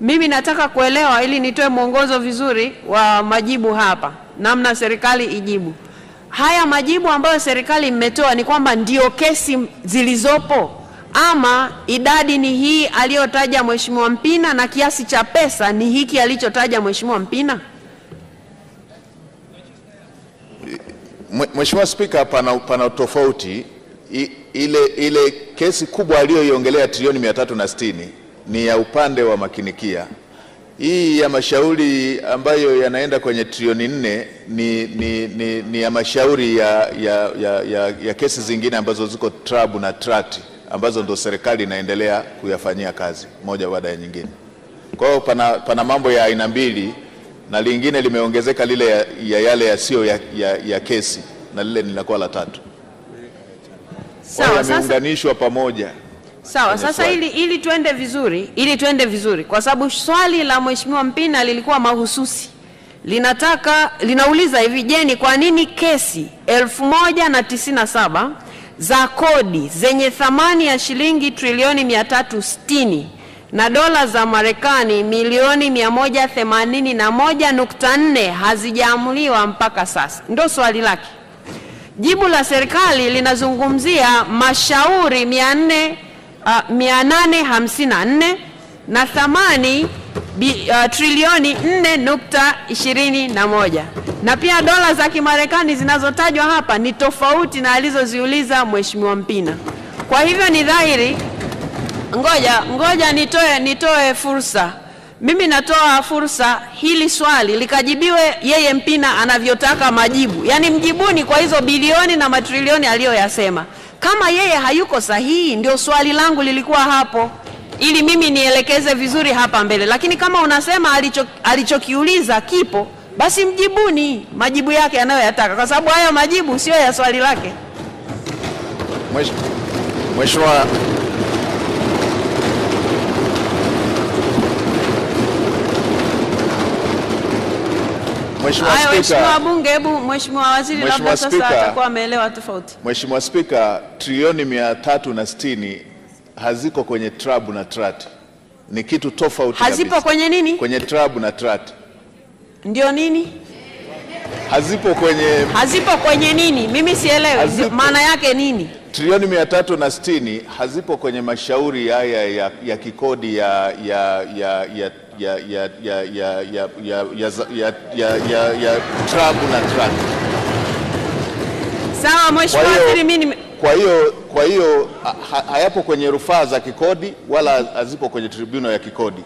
Mimi nataka kuelewa ili nitoe mwongozo vizuri wa majibu hapa, namna serikali ijibu haya majibu ambayo serikali mmetoa. Ni kwamba ndio kesi zilizopo ama idadi ni hii aliyotaja Mheshimiwa Mpina na kiasi cha pesa ni hiki alichotaja Mheshimiwa Mpina? Mheshimiwa Spika, pana, pana tofauti. Ile, ile kesi kubwa aliyoiongelea trilioni 360 ni ya upande wa makinikia. Hii ya mashauri ambayo yanaenda kwenye trilioni nne ni, ni, ni, ni ya mashauri ya, ya, ya, ya, ya kesi zingine ambazo ziko trabu na trati ambazo ndo serikali inaendelea kuyafanyia kazi moja baada ya nyingine. Kwa hiyo pana, pana mambo ya aina mbili na lingine limeongezeka lile ya, ya yale yasiyo ya, ya, ya kesi na lile linakuwa la tatu. Sawa, wameunganishwa pamoja. Sawa. Sasa ili, ili tuende vizuri, ili tuende vizuri, kwa sababu swali la mheshimiwa Mpina lilikuwa mahususi, linataka linauliza hivi, je, ni kwa nini kesi elfu saba za kodi zenye thamani ya shilingi trilioni 360 na dola za Marekani milioni 181.4 hazijaamuliwa mpaka sasa? Ndio swali lake. Jibu la serikali linazungumzia mashauri 400 uh, ah, 854 na thamani bi, uh, trilioni 4.21 na pia dola za Kimarekani zinazotajwa hapa ni tofauti na alizoziuliza Mheshimiwa Mpina. Kwa hivyo ni dhahiri, ngoja ngoja nitoe, nitoe fursa mimi natoa fursa hili swali likajibiwe yeye Mpina anavyotaka majibu, yaani mjibuni kwa hizo bilioni na matrilioni aliyoyasema. Kama yeye hayuko sahihi, ndio swali langu lilikuwa hapo, ili mimi nielekeze vizuri hapa mbele. Lakini kama unasema alichokiuliza alicho kipo, basi mjibuni majibu yake anayoyataka kwa sababu hayo majibu siyo ya swali lake. Mheshimiwa Mheshimiwa Spika. Mheshimiwa Bunge, hebu Mheshimiwa Waziri labda sasa atakuwa ameelewa tofauti. Mheshimiwa Spika, trilioni mia tatu na sitini haziko kwenye TRAB na TRAT, ni kitu tofauti Hazipo kabisa. kwenye nini? Kwenye TRAB na TRAT. Ndio nini? Hazipo kwenye hazipo kwenye nini? Mimi sielewi maana yake nini. Trilioni mia tatu na sitini hazipo kwenye mashauri haya ya, ya, ya kikodi ya, ya, ya, ya ya ya ya ya ya ya ya ya ya ya ya Trump na Trump. Sawa mheshimiwa waziri, mimi kwa hiyo kwa hiyo hayapo kwenye rufaa za kikodi wala hazipo kwenye tribuno ya kikodi.